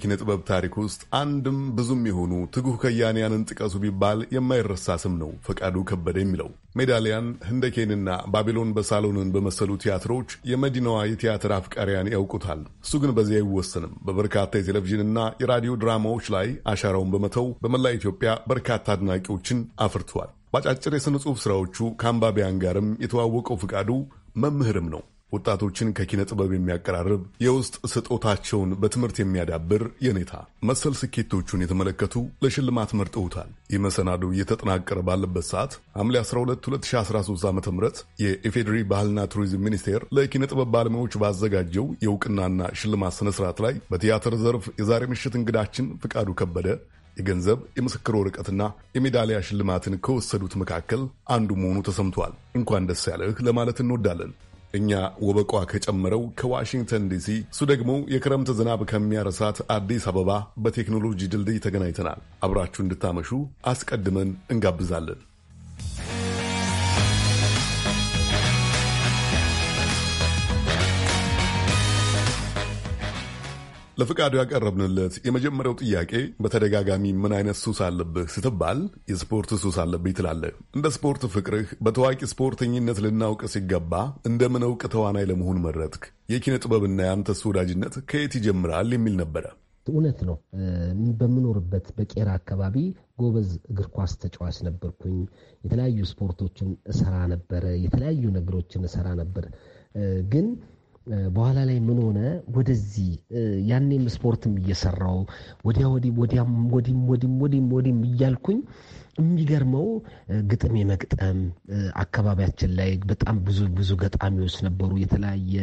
የኪነ ጥበብ ታሪክ ውስጥ አንድም ብዙም የሆኑ ትጉህ ከያንያንን ጥቀሱ ቢባል የማይረሳ ስም ነው ፈቃዱ ከበደ የሚለው። ሜዳሊያን፣ ህንደኬንና ባቢሎን በሳሎንን በመሰሉ ቲያትሮች የመዲናዋ የቲያትር አፍቃሪያን ያውቁታል። እሱ ግን በዚህ አይወሰንም። በበርካታ የቴሌቪዥንና የራዲዮ ድራማዎች ላይ አሻራውን በመተው በመላ ኢትዮጵያ በርካታ አድናቂዎችን አፍርቷል። በአጫጭር የሥነ ጽሑፍ ሥራዎቹ ከአንባቢያን ጋርም የተዋወቀው ፈቃዱ መምህርም ነው። ወጣቶችን ከኪነ ጥበብ የሚያቀራርብ የውስጥ ስጦታቸውን በትምህርት የሚያዳብር የኔታ መሰል ስኬቶቹን የተመለከቱ ለሽልማት መርጠውታል። ይህ መሰናዶ እየተጠናቀረ ባለበት ሰዓት ሐምሌ 12 2013 ዓ ም የኢፌዴሪ ባህልና ቱሪዝም ሚኒስቴር ለኪነ ጥበብ ባለሙያዎች ባዘጋጀው የእውቅናና ሽልማት ስነስርዓት ላይ በቲያትር ዘርፍ የዛሬ ምሽት እንግዳችን ፍቃዱ ከበደ የገንዘብ የምስክር ወረቀትና የሜዳሊያ ሽልማትን ከወሰዱት መካከል አንዱ መሆኑ ተሰምቷል። እንኳን ደስ ያለህ ለማለት እንወዳለን። እኛ ወበቋ ከጨመረው ከዋሽንግተን ዲሲ፣ እሱ ደግሞ የክረምት ዝናብ ከሚያረሳት አዲስ አበባ በቴክኖሎጂ ድልድይ ተገናኝተናል። አብራችሁ እንድታመሹ አስቀድመን እንጋብዛለን። ለፍቃዱ ያቀረብንለት የመጀመሪያው ጥያቄ በተደጋጋሚ ምን አይነት ሱስ አለብህ ስትባል የስፖርት ሱስ አለብኝ ትላለህ። እንደ ስፖርት ፍቅርህ በታዋቂ ስፖርተኝነት ልናውቅ ሲገባ እንደምን እውቅ ተዋናይ ለመሆን መረጥክ? የኪነ ጥበብና የአንተስ ወዳጅነት ከየት ይጀምራል የሚል ነበረ። እውነት ነው። በምኖርበት በቄራ አካባቢ ጎበዝ እግር ኳስ ተጫዋች ነበርኩኝ። የተለያዩ ስፖርቶችን እሰራ ነበረ። የተለያዩ ነገሮችን እሰራ ነበር ግን በኋላ ላይ ምን ሆነ ወደዚህ ያኔም ስፖርትም እየሰራው ወዲያ ወዲህ ወዲያም ወዲም ወዲም ወዲም ወዲም እያልኩኝ የሚገርመው ግጥም የመግጠም አካባቢያችን ላይ በጣም ብዙ ብዙ ገጣሚዎች ነበሩ። የተለያየ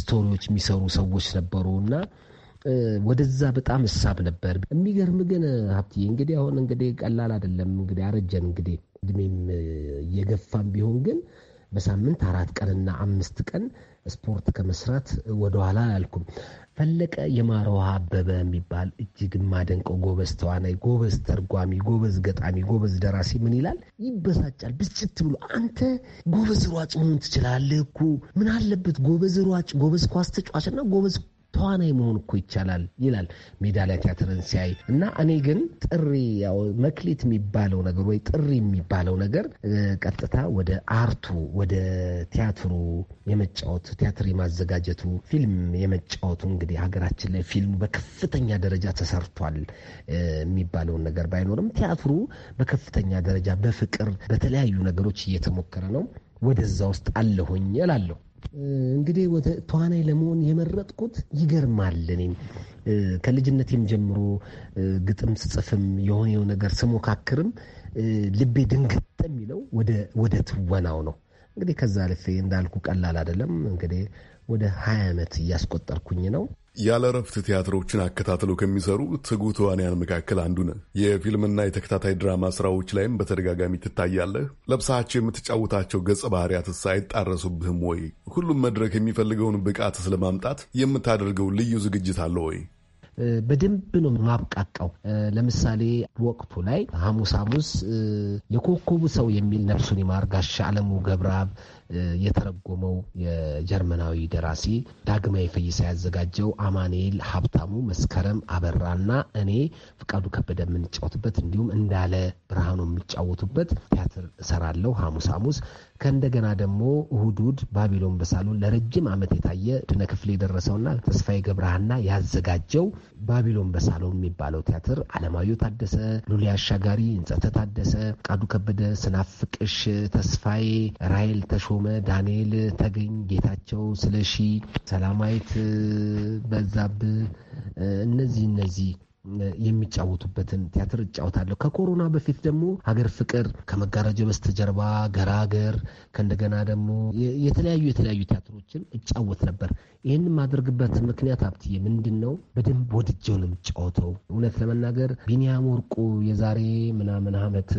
ስቶሪዎች የሚሰሩ ሰዎች ነበሩ እና ወደዛ በጣም እሳብ ነበር። የሚገርም ግን ሀብትዬ እንግዲህ አሁን እንግዲህ ቀላል አይደለም። እንግዲህ አረጀን እንግዲህ እድሜም እየገፋም ቢሆን ግን በሳምንት አራት ቀንና አምስት ቀን ስፖርት ከመስራት ወደኋላ አላልኩም። ፈለቀ የማረውሃ አበበ የሚባል እጅግ የማደንቀው ጎበዝ ተዋናይ፣ ጎበዝ ተርጓሚ፣ ጎበዝ ገጣሚ፣ ጎበዝ ደራሲ ምን ይላል? ይበሳጫል ብስጭት ብሎ አንተ ጎበዝ ሯጭ መሆን ትችላለህ እኮ ምን አለበት ጎበዝ ሯጭ፣ ጎበዝ ኳስ ተጫዋችና ጎበዝ ተዋናይ መሆን እኮ ይቻላል ይላል ሜዳ ላይ ቲያትርን ሲያይ እና እኔ ግን ጥሪ ያው መክሊት የሚባለው ነገር ወይ ጥሪ የሚባለው ነገር ቀጥታ ወደ አርቱ ወደ ቲያትሩ የመጫወቱ ቲያትር የማዘጋጀቱ ፊልም የመጫወቱ እንግዲህ ሀገራችን ላይ ፊልሙ በከፍተኛ ደረጃ ተሰርቷል የሚባለውን ነገር ባይኖርም ቲያትሩ በከፍተኛ ደረጃ በፍቅር በተለያዩ ነገሮች እየተሞከረ ነው። ወደዛ ውስጥ አለሁኝ እላለሁ። እንግዲህ ወደ ተዋናይ ለመሆን የመረጥኩት ይገርማል። እኔም ከልጅነቴም ጀምሮ ግጥም ስጽፍም የሆነው ነገር ስሞካክርም ልቤ ድንግጥ የሚለው ወደ ትወናው ነው። እንግዲህ ከዛ ልፌ እንዳልኩ ቀላል አይደለም። እንግዲህ ወደ ሀያ ዓመት እያስቆጠርኩኝ ነው። ያለ ረፍት ቲያትሮችን አከታትለው ከሚሰሩ ትጉ ተዋንያን መካከል አንዱ ነህ። የፊልምና የተከታታይ ድራማ ስራዎች ላይም በተደጋጋሚ ትታያለህ። ለብሳቸው የምትጫወታቸው ገጸ ባህሪያትስ አይጣረሱብህም ወይ? ሁሉም መድረክ የሚፈልገውን ብቃትስ ለማምጣት የምታደርገው ልዩ ዝግጅት አለ ወይ? በደንብ ነው ማብቃቃው። ለምሳሌ ወቅቱ ላይ ሐሙስ ሐሙስ የኮከቡ ሰው የሚል ነፍሱን ይማር አለሙ ገብረአብ የተረጎመው የጀርመናዊ ደራሲ ዳግማዊ ፈይሳ ያዘጋጀው አማኑኤል ሀብታሙ፣ መስከረም አበራና እኔ ፍቃዱ ከበደ የምንጫወትበት እንዲሁም እንዳለ ብርሃኑ የሚጫወቱበት ቲያትር እሰራለሁ ሐሙስ ሐሙስ ከእንደገና ደግሞ እሁድ ባቢሎን በሳሎን ለረጅም ዓመት የታየ ድነ ክፍል የደረሰውና ተስፋዬ ገብረሃና ያዘጋጀው ባቢሎን በሳሎን የሚባለው ቲያትር አለማየሁ ታደሰ፣ ሉሊ አሻጋሪ፣ እንጸተ ታደሰ፣ ቃዱ ከበደ፣ ስናፍቅሽ ተስፋዬ፣ ራይል ተሾመ፣ ዳንኤል ተገኝ፣ ጌታቸው ስለሺ፣ ሰላማዊት በዛብ እነዚህ እነዚህ የሚጫወቱበትን ቲያትር እጫወታለሁ። ከኮሮና በፊት ደግሞ ሀገር ፍቅር፣ ከመጋረጃ በስተጀርባ ገራገር፣ ከእንደገና ደግሞ የተለያዩ የተለያዩ ቲያትሮችን እጫወት ነበር። ይህን የማደርግበት ምክንያት ሀብትዬ ምንድን ነው? በደንብ ወድጀው ነው የምጫወተው። እውነት ለመናገር ቢኒያም ወርቁ የዛሬ ምናምን ዓመት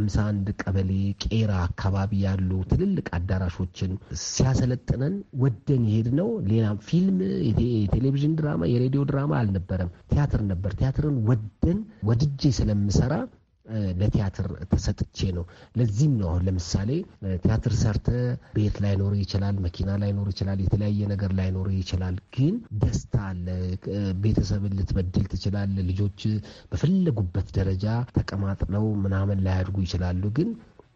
አምሳ አንድ ቀበሌ ቄራ አካባቢ ያሉ ትልልቅ አዳራሾችን ሲያሰለጥነን ወደን የሄድነው ሌላ ፊልም፣ የቴሌቪዥን ድራማ፣ የሬዲዮ ድራማ አልነበረም፣ ቲያትር ነበር። ቲያትርን ወደን ወድጄ ስለምሰራ ለቲያትር ተሰጥቼ ነው። ለዚህም ነው አሁን ለምሳሌ ቲያትር ሰርተ ቤት ላይኖር ይችላል፣ መኪና ላይኖር ይችላል፣ የተለያየ ነገር ላይኖር ይችላል። ግን ደስታ አለ። ቤተሰብን ልትበድል ትችላል። ልጆች በፈለጉበት ደረጃ ተቀማጥለው ምናምን ላያድጉ ይችላሉ። ግን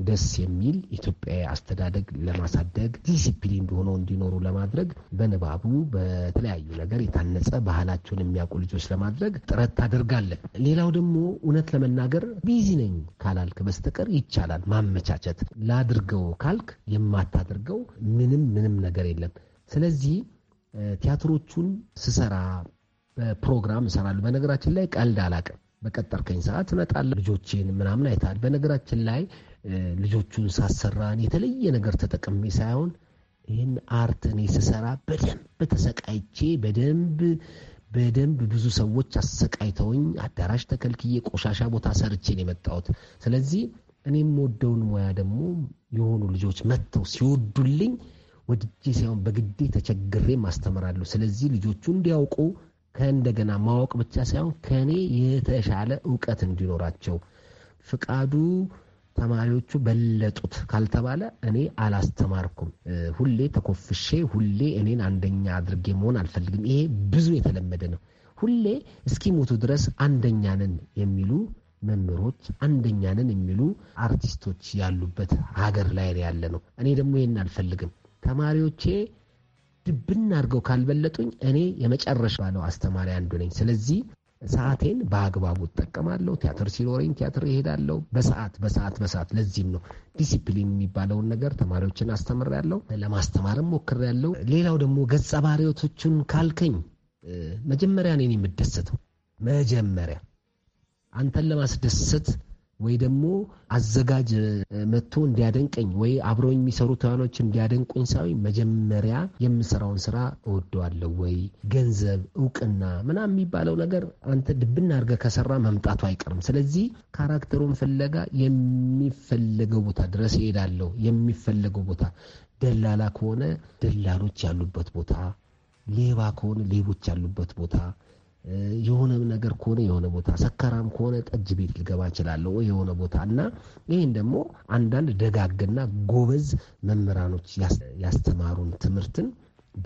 ደስ የሚል ኢትዮጵያዊ አስተዳደግ ለማሳደግ ዲሲፕሊን እንደሆነ እንዲኖሩ ለማድረግ በንባቡ በተለያዩ ነገር የታነጸ ባህላቸውን የሚያውቁ ልጆች ለማድረግ ጥረት ታደርጋለን። ሌላው ደግሞ እውነት ለመናገር ቢዚ ነኝ ካላልክ በስተቀር ይቻላል ማመቻቸት። ላድርገው ካልክ የማታደርገው ምንም ምንም ነገር የለም። ስለዚህ ቲያትሮቹን ስሰራ በፕሮግራም እሰራለሁ። በነገራችን ላይ ቀልድ አላቅም። በቀጠርከኝ ሰዓት እመጣለሁ። ልጆቼን ምናምን አይተሃል። በነገራችን ላይ ልጆቹን ሳሰራ የተለየ ነገር ተጠቅሜ ሳይሆን ይህን አርት እኔ ስሰራ በደንብ ተሰቃይቼ በደንብ በደንብ ብዙ ሰዎች አሰቃይተውኝ አዳራሽ ተከልክዬ ቆሻሻ ቦታ ሰርቼን ነው የመጣሁት። ስለዚህ እኔ የምወደውን ሙያ ደግሞ የሆኑ ልጆች መጥተው ሲወዱልኝ ወድጄ ሳይሆን በግዴ ተቸግሬ ማስተምራለሁ። ስለዚህ ልጆቹ እንዲያውቁ ከእንደገና ማወቅ ብቻ ሳይሆን ከእኔ የተሻለ እውቀት እንዲኖራቸው ፍቃዱ ተማሪዎቹ በለጡት ካልተባለ እኔ አላስተማርኩም። ሁሌ ተኮፍሼ፣ ሁሌ እኔን አንደኛ አድርጌ መሆን አልፈልግም። ይሄ ብዙ የተለመደ ነው። ሁሌ እስኪሞቱ ድረስ አንደኛ ነን የሚሉ መምህሮች፣ አንደኛ ነን የሚሉ አርቲስቶች ያሉበት ሀገር ላይ ያለ ነው። እኔ ደግሞ ይህን አልፈልግም። ተማሪዎቼ ድብና አድርገው ካልበለጡኝ እኔ የመጨረሻ ባለው አስተማሪ አንዱ ነኝ። ስለዚህ ሰዓቴን በአግባቡ እጠቀማለሁ። ቲያትር ሲኖረኝ ቲያትር ይሄዳለሁ። በሰዓት በሰዓት በሰዓት ለዚህም ነው ዲሲፕሊን የሚባለውን ነገር ተማሪዎችን አስተምሬያለሁ፣ ለማስተማርም ሞክሬያለሁ። ሌላው ደግሞ ገጸ ባህሪዎቶቹን ካልከኝ መጀመሪያ እኔን የምደሰተው መጀመሪያ አንተን ለማስደሰት ወይ ደግሞ አዘጋጅ መጥቶ እንዲያደንቀኝ ወይ አብረው የሚሰሩ ተዋናዮች እንዲያደንቁኝ ሳዊ መጀመሪያ የምሰራውን ስራ እወደዋለሁ ወይ ገንዘብ፣ እውቅና ምናም የሚባለው ነገር አንተ ድብና አድርገህ ከሰራ መምጣቱ አይቀርም። ስለዚህ ካራክተሩን ፍለጋ የሚፈለገው ቦታ ድረስ እሄዳለሁ። የሚፈለገው ቦታ ደላላ ከሆነ ደላሎች ያሉበት ቦታ፣ ሌባ ከሆነ ሌቦች ያሉበት ቦታ የሆነ ነገር ከሆነ የሆነ ቦታ ሰከራም ከሆነ ጠጅ ቤት ልገባ እችላለሁ የሆነ ቦታ እና ይህን ደግሞ አንዳንድ ደጋግና ጎበዝ መምህራኖች ያስተማሩን ትምህርትን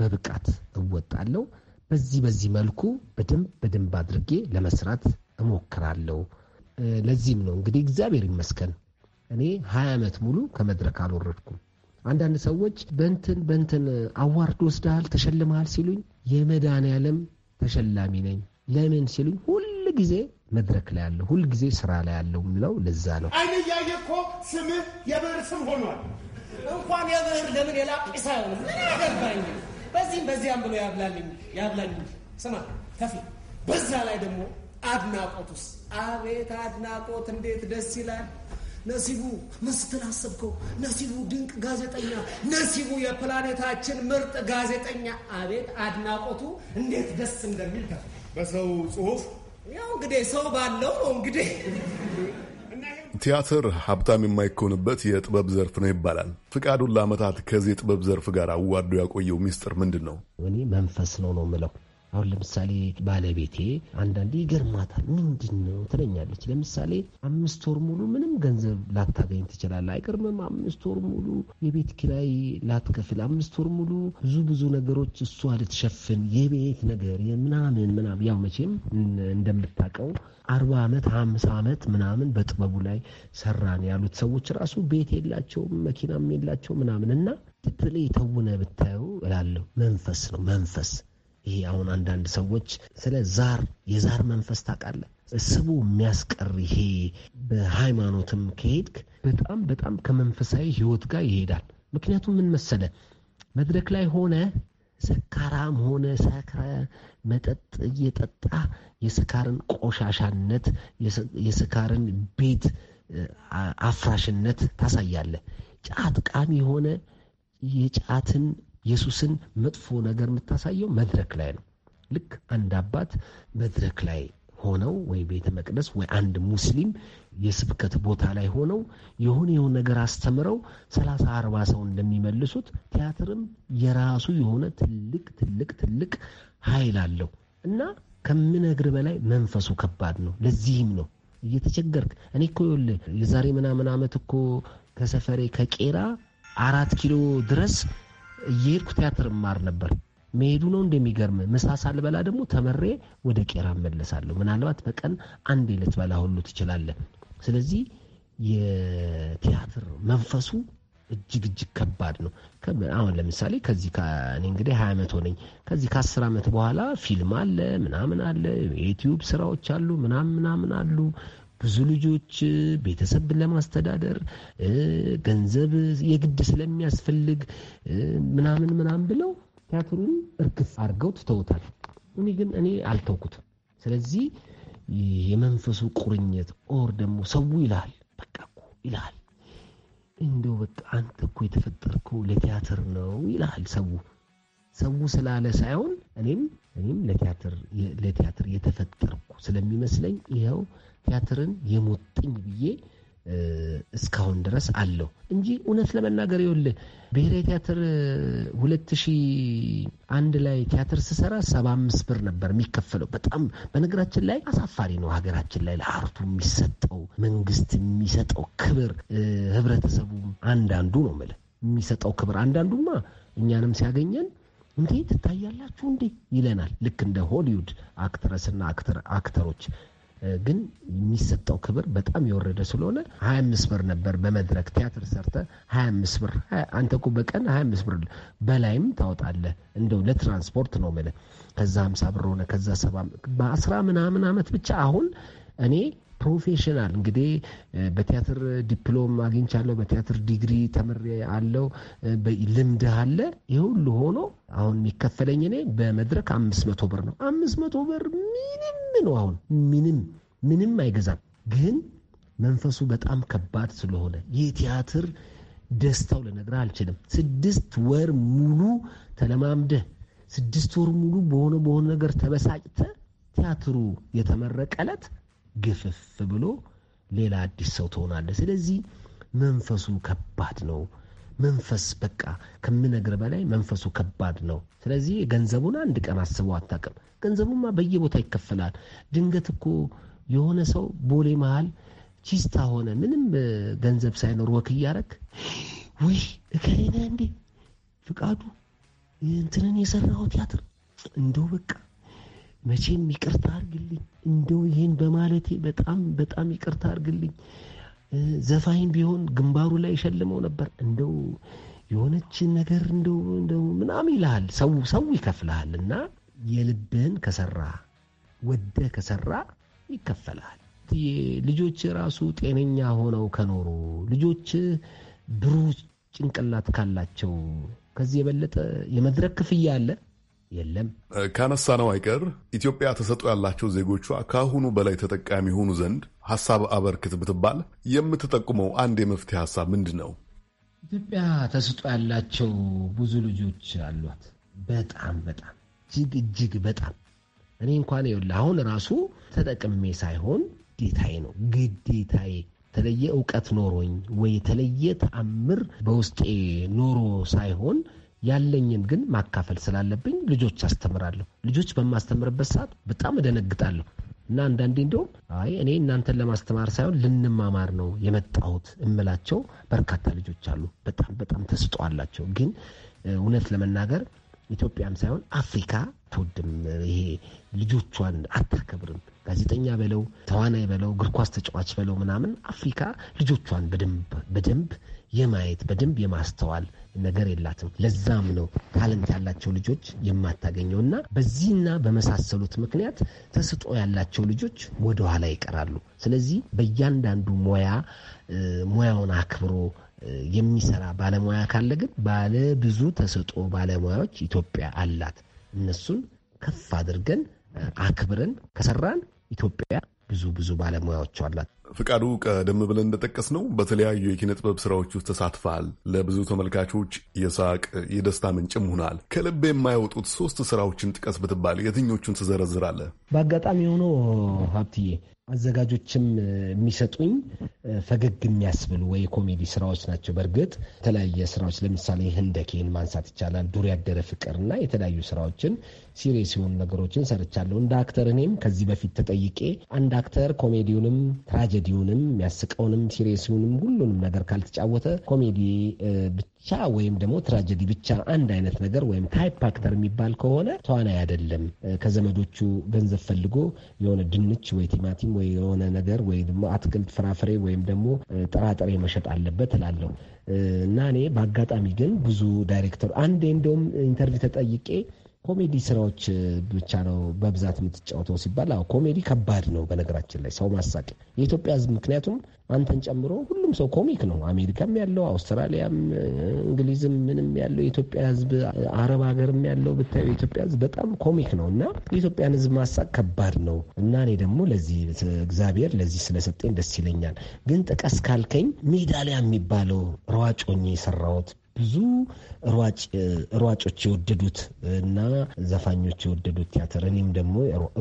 በብቃት እወጣለሁ። በዚህ በዚህ መልኩ በደንብ በደንብ አድርጌ ለመስራት እሞክራለሁ። ለዚህም ነው እንግዲህ እግዚአብሔር ይመስገን እኔ ሀያ ዓመት ሙሉ ከመድረክ አልወረድኩም። አንዳንድ ሰዎች በንትን በንትን አዋርድ ወስደሃል ተሸልመሃል ሲሉኝ የመድኃኔዓለም ተሸላሚ ነኝ ለምን ሲሉ ሁል ጊዜ መድረክ ላይ ያለው ሁል ጊዜ ስራ ላይ ያለው የሚለው ለዛ ነው። አይነ እያየ እኮ ስምህ የብዕር ስም ሆኗል። እንኳን የብዕር ለምን የላጲስ አይሆንም? ምን ያገባኝ? በዚህም በዚያም ብሎ ያብላልኝ ያብላኝ። ስማ ከፊ በዛ ላይ ደግሞ አድናቆቱስ አቤት አድናቆት እንዴት ደስ ይላል። ነሲቡ ምን ስትል አሰብከው? ነሲቡ ድንቅ ጋዜጠኛ፣ ነሲቡ የፕላኔታችን ምርጥ ጋዜጠኛ። አቤት አድናቆቱ እንዴት ደስ እንደሚል ከፊ በሰው ጽሁፍ ያው እንግዲህ ሰው ባለው ነው እንግዲህ ቲያትር ሀብታም የማይኮንበት የጥበብ ዘርፍ ነው ይባላል። ፍቃዱን ለአመታት ከዚህ የጥበብ ዘርፍ ጋር አዋዶ ያቆየው ሚስጥር ምንድን ነው? እኔ መንፈስ ነው ነው የምለው አሁን ለምሳሌ ባለቤቴ አንዳንዴ ይገርማታል። ምንድን ነው ትለኛለች። ለምሳሌ አምስት ወር ሙሉ ምንም ገንዘብ ላታገኝ ትችላለህ። አይገርምም? አምስት ወር ሙሉ የቤት ኪራይ ላትከፍል፣ አምስት ወር ሙሉ ብዙ ብዙ ነገሮች እሷ ልትሸፍን፣ የቤት ነገር ምናምን ምናምን። ያው መቼም እንደምታውቀው አርባ ዓመት ሀምሳ ዓመት ምናምን በጥበቡ ላይ ሰራን ያሉት ሰዎች ራሱ ቤት የላቸውም መኪናም የላቸው ምናምን እና ትትል የተውነ ብታየው እላለሁ። መንፈስ ነው መንፈስ ይሄ አሁን አንዳንድ ሰዎች ስለ ዛር የዛር መንፈስ ታውቃለህ፣ ስቡ የሚያስቀር ይሄ በሃይማኖትም ከሄድክ በጣም በጣም ከመንፈሳዊ ህይወት ጋር ይሄዳል። ምክንያቱም ምን መሰለ መድረክ ላይ ሆነ ሰካራም ሆነ ሰክረ መጠጥ እየጠጣ የስካርን ቆሻሻነት የስካርን ቤት አፍራሽነት ታሳያለህ። ጫት ቃሚ የሆነ የጫትን ኢየሱስን መጥፎ ነገር የምታሳየው መድረክ ላይ ነው። ልክ አንድ አባት መድረክ ላይ ሆነው ወይ ቤተ መቅደስ ወይ አንድ ሙስሊም የስብከት ቦታ ላይ ሆነው የሆነ የሆነ ነገር አስተምረው ሰላሳ አርባ ሰው እንደሚመልሱት ቲያትርም የራሱ የሆነ ትልቅ ትልቅ ትልቅ ኃይል አለው እና ከምነግር በላይ መንፈሱ ከባድ ነው። ለዚህም ነው እየተቸገርክ እኔ እኮ የዛሬ ምናምን ዓመት እኮ ከሰፈሬ ከቄራ አራት ኪሎ ድረስ እየሄድኩ ቲያትር እማር ነበር። መሄዱ ነው እንደሚገርም። ምሳ ሳልበላ ደግሞ ተመሬ ወደ ቄራ እመለሳለሁ። ምናልባት በቀን አንዴ ልትበላ ሁሉ ትችላለህ። ስለዚህ የቲያትር መንፈሱ እጅግ እጅግ ከባድ ነው። አሁን ለምሳሌ ከዚህ እኔ እንግዲህ ሀያ ዓመት ሆነኝ። ከዚህ ከአስር ዓመት በኋላ ፊልም አለ ምናምን አለ፣ የዩቲዩብ ስራዎች አሉ ምናምን ምናምን አሉ። ብዙ ልጆች ቤተሰብን ለማስተዳደር ገንዘብ የግድ ስለሚያስፈልግ ምናምን ምናምን ብለው ቲያትሩን እርግፍ አድርገው ትተውታል። እኔ ግን እኔ አልተውኩትም። ስለዚህ የመንፈሱ ቁርኝት ኦር ደግሞ ሰው ይልሃል፣ በቃ እኮ ይልሃል፣ እንደው በቃ አንተ እኮ የተፈጠርከው ለቲያትር ነው ይልሃል። ሰው ሰው ስላለ ሳይሆን እኔም እኔም ለቲያትር የተፈጠርኩ ስለሚመስለኝ ይኸው ቲያትርን የሞጥኝ ብዬ እስካሁን ድረስ አለው እንጂ እውነት ለመናገር ይኸውልህ ብሔራዊ ቲያትር ሁለት ሺህ አንድ ላይ ቲያትር ስሰራ ሰባ አምስት ብር ነበር የሚከፈለው። በጣም በነገራችን ላይ አሳፋሪ ነው። ሀገራችን ላይ ለአርቱ የሚሰጠው መንግስት የሚሰጠው ክብር ህብረተሰቡ አንዳንዱ ነው የምልህ የሚሰጠው ክብር አንዳንዱማ እኛንም ሲያገኘን እንዴ ትታያላችሁ እንዴ ይለናል። ልክ እንደ ሆሊውድ አክትረስና አክተሮች ግን የሚሰጠው ክብር በጣም የወረደ ስለሆነ ሀያ አምስት ብር ነበር በመድረክ ቲያትር ሰርተ ሀያ አምስት ብር አንተ እኮ በቀን ሀያ አምስት ብር በላይም ታወጣለህ። እንደው ለትራንስፖርት ነው የምልህ። ከዛ ሀምሳ ብር ሆነ ከዛ ሰባ በአስራ ምናምን ዓመት ብቻ አሁን እኔ ፕሮፌሽናል እንግዲህ በቲያትር ዲፕሎም አግኝቻለሁ፣ በቲያትር ዲግሪ ተምሬ አለው። ልምድ አለ። ይህ ሁሉ ሆኖ አሁን የሚከፈለኝ እኔ በመድረክ አምስት መቶ ብር ነው። አምስት መቶ ብር ምንም ነው። አሁን ምንም ምንም አይገዛም። ግን መንፈሱ በጣም ከባድ ስለሆነ የቲያትር ደስታው ልነግርህ አልችልም። ስድስት ወር ሙሉ ተለማምደህ ስድስት ወር ሙሉ በሆነ በሆነ ነገር ተበሳጭተ ቲያትሩ የተመረቀ ዕለት ግፍፍ ብሎ ሌላ አዲስ ሰው ትሆናለህ። ስለዚህ መንፈሱ ከባድ ነው። መንፈስ በቃ ከምነግር በላይ መንፈሱ ከባድ ነው። ስለዚህ ገንዘቡን አንድ ቀን አስበው አታውቅም። ገንዘቡማ በየቦታ ይከፈላል። ድንገት እኮ የሆነ ሰው ቦሌ መሃል ቺስታ ሆነ ምንም ገንዘብ ሳይኖር ወክ እያረግ ወይ እከሌና እንዴ ፍቃዱ እንትንን የሰራው ቲያትር እንደው በቃ መቼም ይቅርታ አርግልኝ፣ እንደው ይህን በማለቴ በጣም በጣም ይቅርታ አርግልኝ። ዘፋኝ ቢሆን ግንባሩ ላይ የሸልመው ነበር። እንደው የሆነች ነገር እንደው እንደው ምናምን ይልሃል፣ ሰው ሰው ይከፍልሃል። እና የልብህን ከሰራ ወደ ከሰራ ይከፈልሃል። ልጆች ራሱ ጤነኛ ሆነው ከኖሩ ልጆች ብሩህ ጭንቅላት ካላቸው ከዚህ የበለጠ የመድረክ ክፍያ አለ? የለም። ካነሳነው አይቀር ኢትዮጵያ ተሰጥኦ ያላቸው ዜጎቿ ከአሁኑ በላይ ተጠቃሚ የሆኑ ዘንድ ሀሳብ አበርክት ብትባል የምትጠቁመው አንድ የመፍትሄ ሀሳብ ምንድን ነው? ኢትዮጵያ ተሰጥኦ ያላቸው ብዙ ልጆች አሏት። በጣም በጣም እጅግ እጅግ በጣም እኔ እንኳን ይኸውልህ አሁን ራሱ ተጠቅሜ ሳይሆን ግዴታዬ ነው ግዴታዬ የተለየ እውቀት ኖሮኝ ወይ የተለየ ተአምር በውስጤ ኖሮ ሳይሆን ያለኝን ግን ማካፈል ስላለብኝ ልጆች አስተምራለሁ። ልጆች በማስተምርበት ሰዓት በጣም እደነግጣለሁ እና አንዳንዴ እንዲሁም አይ እኔ እናንተን ለማስተማር ሳይሆን ልንማማር ነው የመጣሁት እምላቸው በርካታ ልጆች አሉ። በጣም በጣም ተስጦ አላቸው። ግን እውነት ለመናገር ኢትዮጵያም ሳይሆን አፍሪካ ትውድም ይሄ ልጆቿን አታከብርም። ጋዜጠኛ በለው ተዋናይ በለው እግር ኳስ ተጫዋች በለው ምናምን አፍሪካ ልጆቿን በደንብ የማየት በደንብ የማስተዋል ነገር የላትም። ለዛም ነው ታለንት ያላቸው ልጆች የማታገኘው እና በዚህና በመሳሰሉት ምክንያት ተስጦ ያላቸው ልጆች ወደኋላ ይቀራሉ። ስለዚህ በእያንዳንዱ ሙያ ሙያውን አክብሮ የሚሰራ ባለሙያ ካለ ግን ባለ ብዙ ተሰጦ ባለሙያዎች ኢትዮጵያ አላት። እነሱን ከፍ አድርገን አክብረን ከሰራን ኢትዮጵያ ብዙ ብዙ ባለሙያዎች አላት። ፍቃዱ ቀደም ብለን እንደጠቀስ ነው በተለያዩ የኪነ ጥበብ ስራዎች ውስጥ ተሳትፈሃል። ለብዙ ተመልካቾች የሳቅ የደስታ ምንጭም ሆናል። ከልብ የማይወጡት ሶስት ስራዎችን ጥቀስ ብትባል የትኞቹን ትዘረዝራለህ? በአጋጣሚ ሆኖ ሀብትዬ አዘጋጆችም የሚሰጡኝ ፈገግ የሚያስብሉ ወይ ኮሜዲ ስራዎች ናቸው። በእርግጥ የተለያየ ስራዎች ለምሳሌ ህንደኬን ማንሳት ይቻላል። ዱር ያደረ ፍቅር እና የተለያዩ ስራዎችን ሲሪየስ የሆኑ ነገሮችን ሰርቻለሁ። እንደ አክተር እኔም ከዚህ በፊት ተጠይቄ አንድ አክተር ኮሜዲውንም ትራጀዲውንም የሚያስቀውንም ሲሪየሱንም ሁሉንም ነገር ካልተጫወተ ኮሜዲ ብቻ ወይም ደግሞ ትራጀዲ ብቻ አንድ አይነት ነገር ወይም ታይፕ አክተር የሚባል ከሆነ ተዋናይ አይደለም። ከዘመዶቹ ገንዘብ ፈልጎ የሆነ ድንች ወይ ቲማቲም ወይ የሆነ ነገር ወይ ደግሞ አትክልት ፍራፍሬ ወይም ደግሞ ጥራጥሬ መሸጥ አለበት እላለሁ። እና እኔ በአጋጣሚ ግን ብዙ ዳይሬክተሩ አንዴ እንደውም ኢንተርቪው ተጠይቄ ኮሜዲ ስራዎች ብቻ ነው በብዛት የምትጫወተው ሲባል፣ አዎ ኮሜዲ ከባድ ነው። በነገራችን ላይ ሰው ማሳቅ የኢትዮጵያ ሕዝብ ምክንያቱም አንተን ጨምሮ ሁሉም ሰው ኮሚክ ነው። አሜሪካም ያለው አውስትራሊያም፣ እንግሊዝም ምንም ያለው የኢትዮጵያ ሕዝብ አረብ ሀገርም ያለው ብታዩ የኢትዮጵያ ሕዝብ በጣም ኮሚክ ነው እና የኢትዮጵያን ሕዝብ ማሳቅ ከባድ ነው እና እኔ ደግሞ ለዚህ እግዚአብሔር ለዚህ ስለሰጠኝ ደስ ይለኛል። ግን ጥቀስ ካልከኝ ሜዳሊያ የሚባለው ሯጮኝ የሰራሁት ብዙ ሯጮች የወደዱት እና ዘፋኞች የወደዱት ቲያትር እኔም ደግሞ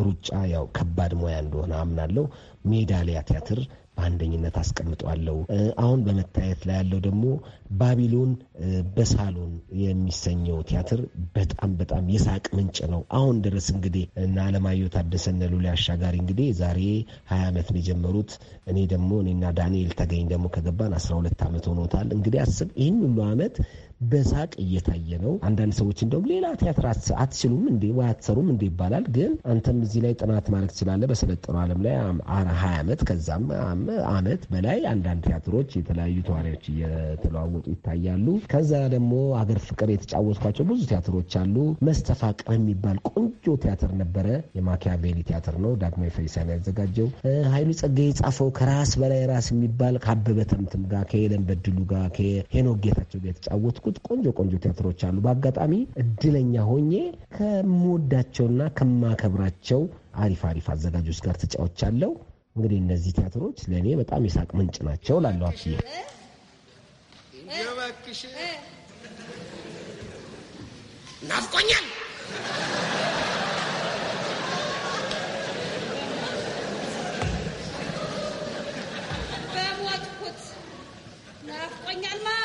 ሩጫ ያው ከባድ ሙያ እንደሆነ አምናለሁ። ሜዳሊያ ቲያትር በአንደኝነት አስቀምጠዋለሁ። አሁን በመታየት ላይ ያለው ደግሞ ባቢሎን በሳሎን የሚሰኘው ቲያትር በጣም በጣም የሳቅ ምንጭ ነው። አሁን ድረስ እንግዲህ እና አለማየሁ ታደሰነ ሉሊ አሻጋሪ እንግዲህ ዛሬ ሀያ ዓመት ነው የጀመሩት። እኔ ደግሞ እኔና ዳንኤል ተገኝ ደግሞ ከገባን አስራ ሁለት ዓመት ሆኖታል። እንግዲህ አስብ ይህን ሁሉ ዓመት በሳቅ እየታየ ነው። አንዳንድ ሰዎች እንደውም ሌላ ቲያትር አትችሉም እንዴ ወይ አትሰሩም እንዴ ይባላል። ግን አንተም እዚህ ላይ ጥናት ማድረግ ትችላለህ። በሰለጠነው ዓለም ላይ ሀያ ዓመት ከዛም ዓመት በላይ አንዳንድ ቲያትሮች የተለያዩ ተዋሪዎች እየተለዋወ ሲያስቀምጡ ይታያሉ። ከዛ ደግሞ አገር ፍቅር የተጫወትኳቸው ብዙ ቲያትሮች አሉ። መስተፋቅር የሚባል ቆንጆ ቲያትር ነበረ። የማኪያቬሊ ቲያትር ነው፣ ዳግማዊ ፈይሳን ያዘጋጀው። ኃይሉ ጸጋዬ የጻፈው ከራስ በላይ ራስ የሚባል ከአበበ ተምትም ጋር ከየለን በድሉ ጋር ከሄኖክ ጌታቸው ጋር የተጫወትኩት ቆንጆ ቆንጆ ቲያትሮች አሉ። በአጋጣሚ እድለኛ ሆኜ ከምወዳቸውና ከማከብራቸው አሪፍ አሪፍ አዘጋጆች ጋር አለው። እንግዲህ እነዚህ ቲያትሮች ለእኔ በጣም የሳቅ ምንጭ ናቸው ላለው እንደ እባክሽ ናፍቆኛል። በሞትኩት ናፍቆኛል ማ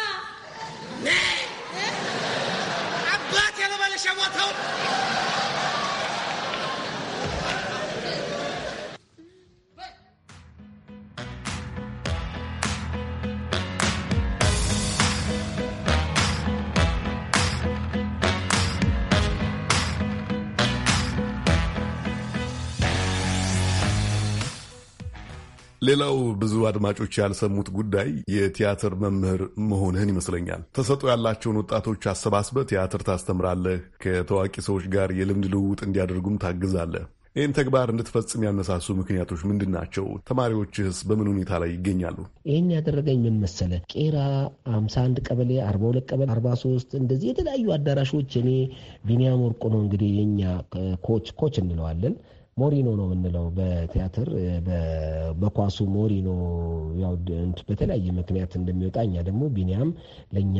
ሌላው ብዙ አድማጮች ያልሰሙት ጉዳይ የቲያትር መምህር መሆንህን ይመስለኛል። ተሰጥኦ ያላቸውን ወጣቶች አሰባስበህ ቲያትር ታስተምራለህ፣ ከታዋቂ ሰዎች ጋር የልምድ ልውውጥ እንዲያደርጉም ታግዛለህ። ይህን ተግባር እንድትፈጽም ያነሳሱ ምክንያቶች ምንድን ናቸው? ተማሪዎችህስ በምን ሁኔታ ላይ ይገኛሉ? ይህን ያደረገኝ ምን መሰለ፣ ቄራ አምሳ አንድ ቀበሌ አርባ ሁለት ቀበሌ አርባ ሶስት እንደዚህ የተለያዩ አዳራሾች እኔ ቢኒያም ወርቁ ነው እንግዲህ የኛ ኮች ኮች እንለዋለን ሞሪኖ ነው የምንለው በቲያትር በኳሱ ሞሪኖ በተለያየ ምክንያት እንደሚወጣ እኛ ደግሞ ቢኒያም ለእኛ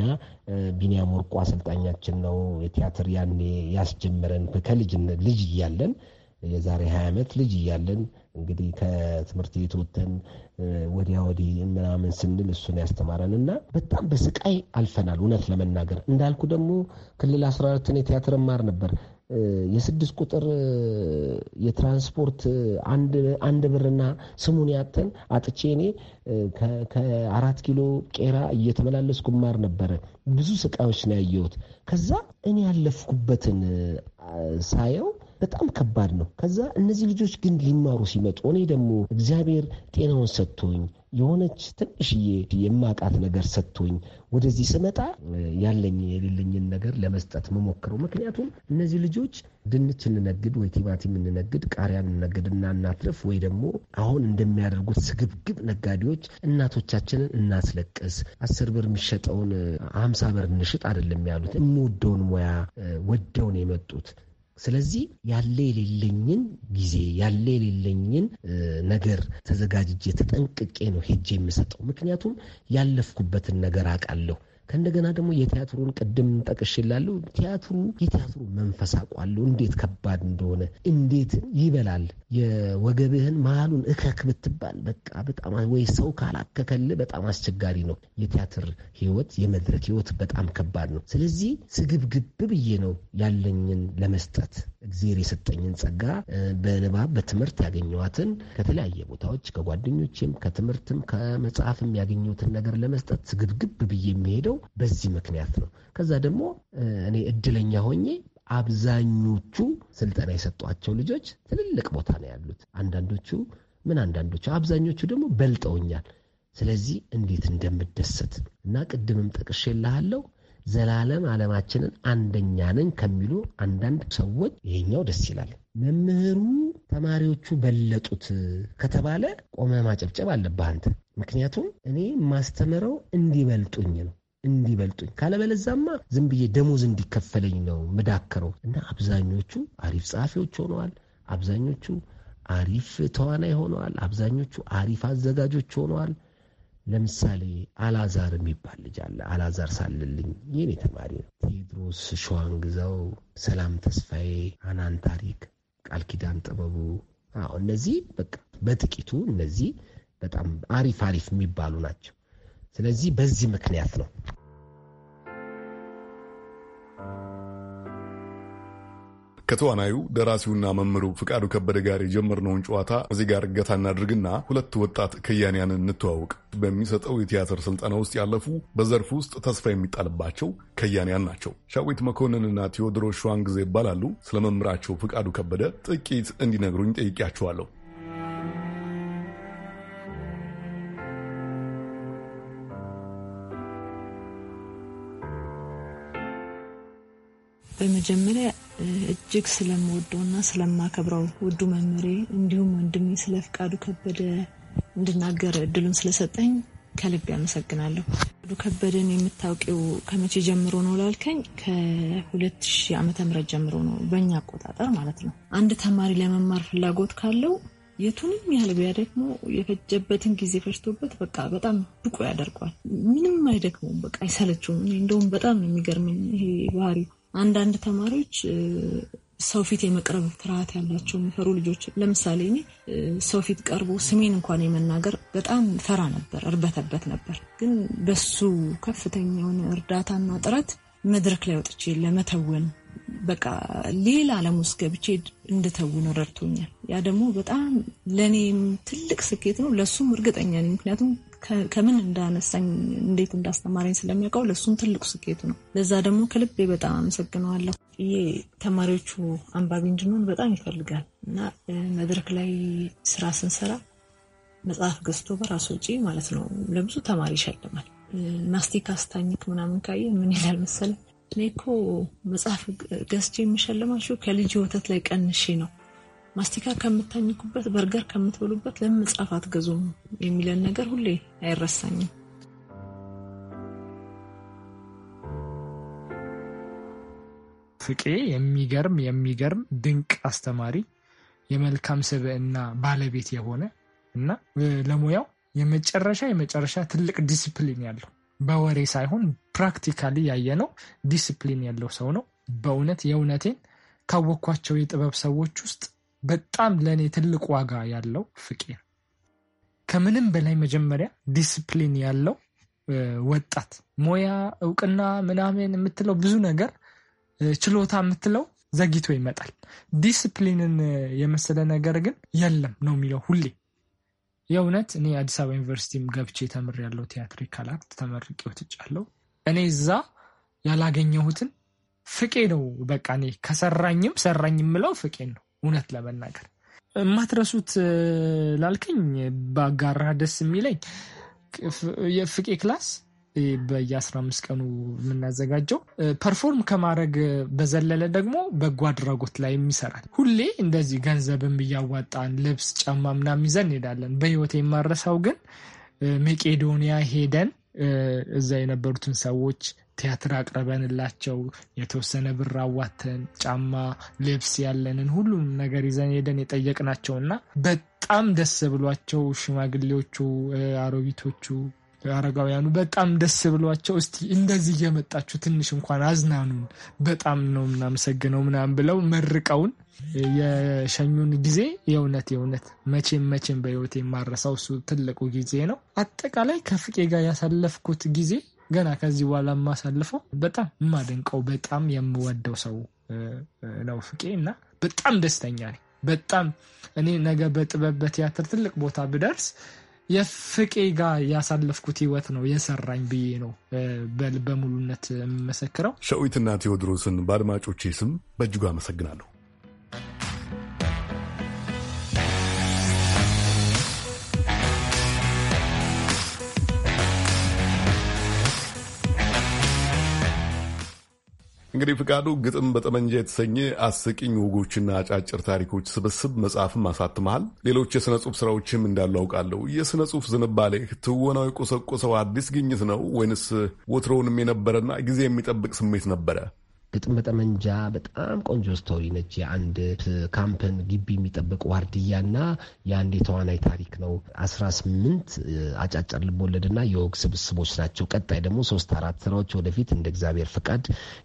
ቢኒያም ወርቁ አሰልጣኛችን ነው። የቲያትር ያኔ ያስጀመረን ከልጅነት ልጅ እያለን የዛሬ ሀያ ዓመት ልጅ እያለን እንግዲህ ከትምህርት ቤት ወተን ወዲያ ወዲህ ምናምን ስንል እሱን ያስተማረን እና በጣም በስቃይ አልፈናል። እውነት ለመናገር እንዳልኩ ደግሞ ክልል አስራ ሁለትን የቲያትር ማር ነበር የስድስት ቁጥር የትራንስፖርት አንድ ብርና ስሙን ያተን አጥቼ እኔ ከአራት ኪሎ ቄራ እየተመላለስኩ ማር ነበረ። ብዙ ስቃዮች ነው ያየሁት። ከዛ እኔ ያለፍኩበትን ሳየው በጣም ከባድ ነው። ከዛ እነዚህ ልጆች ግን ሊማሩ ሲመጡ እኔ ደግሞ እግዚአብሔር ጤናውን ሰጥቶኝ የሆነች ትንሽዬ የማቃት ነገር ሰጥቶኝ ወደዚህ ስመጣ ያለኝ የሌለኝን ነገር ለመስጠት መሞክረው። ምክንያቱም እነዚህ ልጆች ድንች እንነግድ ወይ ቲማቲም እንነግድ፣ ቃሪያ እንነግድና እናትርፍ ወይ ደግሞ አሁን እንደሚያደርጉት ስግብግብ ነጋዴዎች እናቶቻችንን እናስለቅስ፣ አስር ብር የሚሸጠውን አምሳ ብር እንሽጥ አይደለም ያሉት። የምወደውን ሙያ ወደውን የመጡት ስለዚህ ያለ የሌለኝን ጊዜ ያለ የሌለኝን ነገር ተዘጋጅጄ ተጠንቅቄ ነው ሄጄ የምሰጠው። ምክንያቱም ያለፍኩበትን ነገር አውቃለሁ። ከእንደገና ደግሞ የቲያትሩን ቅድም ጠቅሼላለሁ። ቲያትሩ የቲያትሩ መንፈስ አውቋለሁ፣ እንዴት ከባድ እንደሆነ እንዴት ይበላል። የወገብህን መሀሉን እከክ ብትባል በቃ በጣም ወይ ሰው ካላከከል በጣም አስቸጋሪ ነው። የቲያትር ህይወት፣ የመድረክ ህይወት በጣም ከባድ ነው። ስለዚህ ስግብግብ ብዬ ነው ያለኝን ለመስጠት እግዜር የሰጠኝን ጸጋ በንባብ በትምህርት ያገኘዋትን ከተለያየ ቦታዎች ከጓደኞቼም ከትምህርትም ከመጽሐፍም ያገኘሁትን ነገር ለመስጠት ስግብግብ ብዬ የሚሄደው ያለው በዚህ ምክንያት ነው። ከዛ ደግሞ እኔ እድለኛ ሆኜ አብዛኞቹ ስልጠና የሰጧቸው ልጆች ትልልቅ ቦታ ነው ያሉት። አንዳንዶቹ ምን አንዳንዶቹ አብዛኞቹ ደግሞ በልጠውኛል። ስለዚህ እንዴት እንደምደሰት እና ቅድምም ጠቅሼልሃለሁ ዘላለም ዓለማችንን አንደኛ ነኝ ከሚሉ አንዳንድ ሰዎች ይሄኛው ደስ ይላል። መምህሩ ተማሪዎቹ በለጡት ከተባለ ቆመ ማጨብጨብ አለብህ አንተ። ምክንያቱም እኔ ማስተምረው እንዲበልጡኝ ነው። እንዲበልጡኝ፣ ካለበለዛማ ዝም ብዬ ደሞዝ እንዲከፈለኝ ነው ምዳከረው እና አብዛኞቹ አሪፍ ጸሐፊዎች ሆነዋል። አብዛኞቹ አሪፍ ተዋናይ ሆነዋል። አብዛኞቹ አሪፍ አዘጋጆች ሆነዋል። ለምሳሌ አላዛር የሚባል ልጅ አለ። አላዛር ሳልልኝ የኔ ተማሪ ነው። ቴዎድሮስ ሸዋንግዛው፣ ሰላም ተስፋዬ፣ አናን ታሪክ፣ ቃል ኪዳን ጥበቡ፣ አዎ እነዚህ በቃ በጥቂቱ እነዚህ በጣም አሪፍ አሪፍ የሚባሉ ናቸው። ስለዚህ በዚህ ምክንያት ነው። ከተዋናዩ ደራሲውና መምህሩ ፍቃዱ ከበደ ጋር የጀመርነውን ጨዋታ እዚህ ጋር እገታ እናድርግና ሁለት ወጣት ከያንያንን እንተዋውቅ። በሚሰጠው የቲያትር ስልጠና ውስጥ ያለፉ በዘርፍ ውስጥ ተስፋ የሚጣልባቸው ከያንያን ናቸው። ሻዊት መኮንንና ቴዎድሮስ ሸዋን ይባላሉ። ስለ መምህራቸው ፍቃዱ ከበደ ጥቂት እንዲነግሩኝ ጠይቄያቸዋለሁ። በመጀመሪያ እጅግ ስለምወደውና ስለማከብረው ውዱ መምህሬ እንዲሁም ወንድሜ ስለ ፍቃዱ ከበደ እንድናገር እድሉን ስለሰጠኝ ከልብ ያመሰግናለሁ። ፍቃዱ ከበደን የምታውቂው ከመቼ ጀምሮ ነው ላልከኝ ከ2000 ዓ ምህረት ጀምሮ ነው በእኛ አቆጣጠር ማለት ነው። አንድ ተማሪ ለመማር ፍላጎት ካለው የቱንም ያህል ቢያደክሞ የፈጀበትን ጊዜ ፈጅቶበት በቃ በጣም ብቁ ያደርገዋል። ምንም አይደክመውም፣ በቃ አይሰለችውም። እንደውም በጣም ነው የሚገርመኝ ይሄ ባህሪው አንዳንድ ተማሪዎች ሰው ፊት የመቅረብ ፍርሃት ያላቸው የሚፈሩ ልጆች፣ ለምሳሌ እኔ ሰው ፊት ቀርቦ ስሜን እንኳን የመናገር በጣም ፈራ ነበር፣ እርበተበት ነበር። ግን በሱ ከፍተኛ የሆነ እርዳታና ጥረት መድረክ ላይ ወጥቼ ለመተወን በቃ ሌላ ዓለም ውስጥ ገብቼ እንድተው ነው ረድቶኛል። ያ ደግሞ በጣም ለእኔም ትልቅ ስኬት ነው፣ ለእሱም እርግጠኛ ነኝ። ምክንያቱም ከምን እንዳነሳኝ እንዴት እንዳስተማረኝ ስለሚያውቀው ለእሱም ትልቁ ስኬቱ ነው። ለዛ ደግሞ ከልቤ በጣም አመሰግነዋለሁ። ይሄ ተማሪዎቹ አንባቢ እንድንሆን በጣም ይፈልጋል እና መድረክ ላይ ስራ ስንሰራ መጽሐፍ ገዝቶ በራሱ ውጪ ማለት ነው ለብዙ ተማሪ ይሸልማል። ማስቲካ ምናምን ካየ ምን ይላል መሰለህ ላይ እኮ መጽሐፍ ገዝቼ የሚሸልማችሁ ከልጅ ወተት ላይ ቀንሼ ነው። ማስቲካ ከምታኝኩበት፣ በርገር ከምትበሉበት ለምን መጽሐፍ አትገዙም የሚለን ነገር ሁሌ አይረሳኝም። ፍቄ የሚገርም የሚገርም ድንቅ አስተማሪ፣ የመልካም ስብዕና ባለቤት የሆነ እና ለሙያው የመጨረሻ የመጨረሻ ትልቅ ዲስፕሊን ያለው በወሬ ሳይሆን ፕራክቲካሊ ነው። ዲስፕሊን ያለው ሰው ነው። በእውነት የእውነቴን ካወቅኳቸው የጥበብ ሰዎች ውስጥ በጣም ለእኔ ትልቅ ዋጋ ያለው ፍቄ ነው። ከምንም በላይ መጀመሪያ ዲስፕሊን ያለው ወጣት ሞያ፣ እውቅና ምናምን የምትለው ብዙ ነገር ችሎታ የምትለው ዘግይቶ ይመጣል። ዲስፕሊንን የመሰለ ነገር ግን የለም ነው የሚለው ሁሌ የእውነት እኔ አዲስ አበባ ዩኒቨርሲቲም ገብቼ ተምር ያለው ቲያትሪካል አርት ተመርቄ ወጥቻለሁ። እኔ እዛ ያላገኘሁትን ፍቄ ነው። በቃ እኔ ከሰራኝም ሰራኝ የምለው ፍቄ ነው እውነት ለመናገር የማትረሱት ላልከኝ በአጋራ ደስ የሚለኝ የፍቄ ክላስ በየ15 ቀኑ የምናዘጋጀው ፐርፎርም ከማድረግ በዘለለ ደግሞ በጎ አድራጎት ላይ ይሰራል። ሁሌ እንደዚህ ገንዘብም እያዋጣን ልብስ፣ ጫማ ምናምን ይዘን እንሄዳለን። በህይወት የማረሳው ግን መቄዶኒያ ሄደን እዛ የነበሩትን ሰዎች ቲያትር አቅርበንላቸው የተወሰነ ብር አዋተን ጫማ፣ ልብስ ያለንን ሁሉም ነገር ይዘን ሄደን የጠየቅናቸው እና በጣም ደስ ብሏቸው ሽማግሌዎቹ፣ አሮጊቶቹ አረጋውያኑ በጣም ደስ ብሏቸው እስቲ እንደዚህ እየመጣችሁ ትንሽ እንኳን አዝናኑን በጣም ነው የምናመሰግነው ምናምን ብለው መርቀውን የሸኙን ጊዜ የእውነት የእውነት መቼም መቼም በህይወት የማረሳው እሱ ትልቁ ጊዜ ነው። አጠቃላይ ከፍቄ ጋር ያሳለፍኩት ጊዜ ገና ከዚህ በኋላ የማሳልፈው በጣም የማደንቀው በጣም የምወደው ሰው ነው ፍቄ እና በጣም ደስተኛ ነኝ። በጣም እኔ ነገ በጥበብ በቲያትር ትልቅ ቦታ ብደርስ የፍቄ ጋር ያሳለፍኩት ህይወት ነው የሰራኝ ብዬ ነው በልበ ሙሉነት የምመሰክረው። ሸዊትና ቴዎድሮስን በአድማጮቼ ስም በእጅጉ አመሰግናለሁ። እንግዲህ ፍቃዱ ግጥም በጠመንጃ የተሰኘ አስቂኝ ወጎችና አጫጭር ታሪኮች ስብስብ መጽሐፍም አሳትመሃል። ሌሎች የሥነ ጽሑፍ ስራዎችም እንዳሉ አውቃለሁ። የሥነ ጽሑፍ ዝንባሌህ ትወናው የቆሰቆሰው አዲስ ግኝት ነው ወይንስ ወትሮውንም የነበረና ጊዜ የሚጠብቅ ስሜት ነበረ? ግጥም በጠመንጃ በጣም ቆንጆ ስቶሪ ነች። የአንድ ካምፕን ግቢ የሚጠብቅ እና የአንድ የተዋናይ ታሪክ ነው። አስራ ስምንት አጫጭር ልቦወለድና የወግ ስብስቦች ናቸው። ቀጣይ ደግሞ ሶስት አራት ስራዎች ወደፊት እንደ እግዚአብሔር ፍቃድ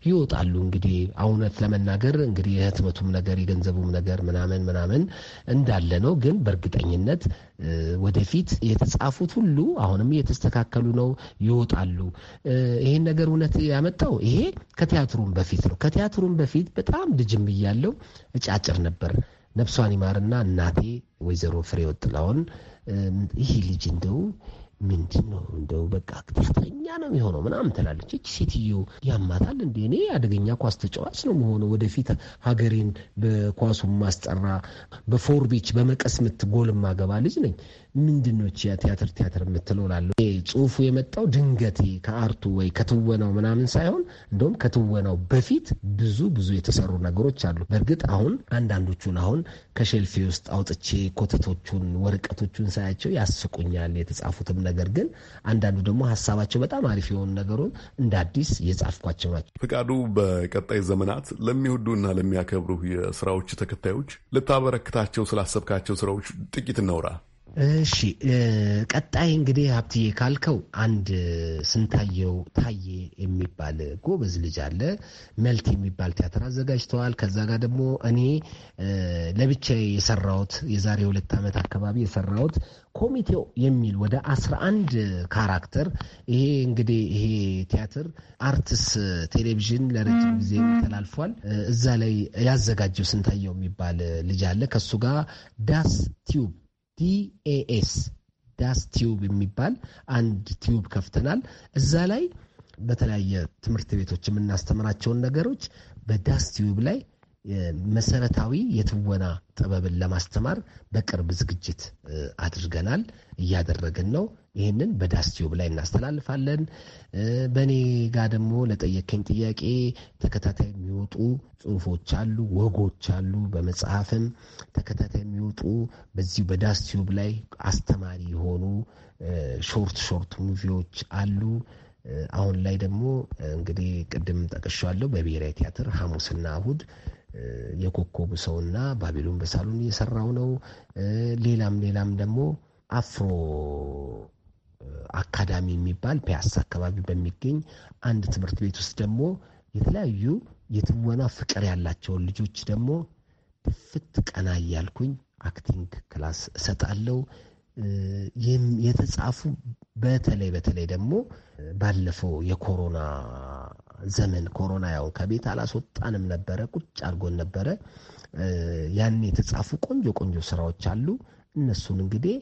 ይወጣሉ። እንግዲህ እውነት ለመናገር እንግዲህ የህትመቱም ነገር የገንዘቡም ነገር ምናምን ምናምን እንዳለ ነው። ግን በእርግጠኝነት ወደፊት የተጻፉት ሁሉ አሁንም እየተስተካከሉ ነው፣ ይወጣሉ። ይሄን ነገር እውነት ያመጣው ይሄ ከቲያትሩም በፊት በፊት ነው። ከቲያትሩም በፊት በጣም ልጅም እያለው እጫጭር ነበር። ነፍሷን ይማርና እናቴ ወይዘሮ ፍሬወት ጥላሁን ይህ ልጅ እንደው ምንድን ነው እንደው በቃ አክቲስተኛ ነው የሆነው ምናምን ትላለች። እች ሴትዮ ያማታል እንደ እኔ አደገኛ ኳስ ተጫዋች ነው መሆነው ወደፊት ሀገሬን በኳሱ ማስጠራ በፎርቤች በመቀስ ጎል ማገባ ልጅ ነኝ። ምንድን ነው ቲያትር የምትለው ጽሁፉ የመጣው ድንገቴ ከአርቱ ወይ ከትወናው ምናምን ሳይሆን እንደውም ከትወናው በፊት ብዙ ብዙ የተሰሩ ነገሮች አሉ። በእርግጥ አሁን አንዳንዶቹን አሁን ከሸልፌ ውስጥ አውጥቼ ኮተቶቹን ወረቀቶቹን ሳያቸው ያስቁኛል የተጻፉትም። ነገር ግን አንዳንዱ ደግሞ ሀሳባቸው በጣም አሪፍ የሆኑ ነገሩን እንደ አዲስ የጻፍኳቸው ናቸው። ፍቃዱ፣ በቀጣይ ዘመናት ለሚወዱና ለሚያከብሩ የስራዎች ተከታዮች ልታበረክታቸው ስላሰብካቸው ስራዎች ጥቂት እናውራ። እሺ ቀጣይ እንግዲህ ሀብትዬ ካልከው አንድ ስንታየው ታዬ የሚባል ጎበዝ ልጅ አለ። መልት የሚባል ቲያትር አዘጋጅተዋል። ከዛ ጋር ደግሞ እኔ ለብቻ የሰራሁት የዛሬ ሁለት ዓመት አካባቢ የሰራሁት ኮሚቴው የሚል ወደ አስራ አንድ ካራክተር ይሄ እንግዲህ ይሄ ቲያትር አርትስ ቴሌቪዥን ለረጅም ጊዜ ተላልፏል። እዛ ላይ ያዘጋጀው ስንታየው የሚባል ልጅ አለ። ከሱ ጋር ዳስ ቲዩብ ዲኤኤስ ዳስ ቲዩብ የሚባል አንድ ቲዩብ ከፍተናል። እዛ ላይ በተለያየ ትምህርት ቤቶች የምናስተምራቸውን ነገሮች በዳስ ቲዩብ ላይ መሰረታዊ የትወና ጥበብን ለማስተማር በቅርብ ዝግጅት አድርገናል፣ እያደረግን ነው። ይህንን በዳስ ላይ እናስተላልፋለን። በእኔ ጋ ደግሞ ለጠየከኝ ጥያቄ ተከታታይ የሚወጡ ጽሁፎች አሉ፣ ወጎች አሉ። በመጽሐፍም ተከታታይ የሚወጡ በዚሁ በዳስ ላይ አስተማሪ የሆኑ ሾርት ሾርት ሙቪዎች አሉ። አሁን ላይ ደግሞ እንግዲህ ቅድም ጠቅሻለሁ በብሔራዊ ቲያትር ሐሙስና እሁድ የኮከቡ ሰውና ባቢሎን በሳሎን እየሰራው ነው። ሌላም ሌላም ደግሞ አፍሮ አካዳሚ የሚባል ፒያሳ አካባቢ በሚገኝ አንድ ትምህርት ቤት ውስጥ ደግሞ የተለያዩ የትወና ፍቅር ያላቸውን ልጆች ደግሞ ፍት ቀና እያልኩኝ አክቲንግ ክላስ እሰጣለሁ። የተጻፉ በተለይ በተለይ ደግሞ ባለፈው የኮሮና ዘመን ኮሮና ያው ከቤት አላስወጣንም ነበረ፣ ቁጭ አድርጎን ነበረ። ያን የተጻፉ ቆንጆ ቆንጆ ስራዎች አሉ። እነሱን እንግዲህ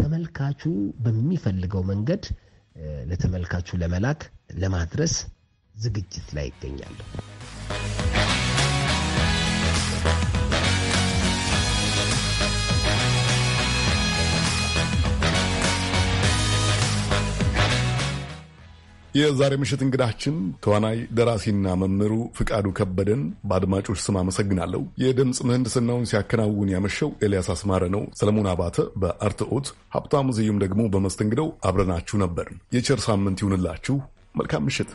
ተመልካቹ በሚፈልገው መንገድ ለተመልካቹ ለመላክ ለማድረስ ዝግጅት ላይ ይገኛሉ። የዛሬ ምሽት እንግዳችን ተዋናይ ደራሲና መምህሩ ፍቃዱ ከበደን በአድማጮች ስም አመሰግናለሁ። የድምፅ ምህንድስናውን ሲያከናውን ያመሸው ኤልያስ አስማረ ነው። ሰለሞን አባተ በአርትኦት፣ ሀብታሙ ዝዩም ደግሞ በመስተንግደው አብረናችሁ ነበር። የቸር ሳምንት ይሁንላችሁ። መልካም ምሽት።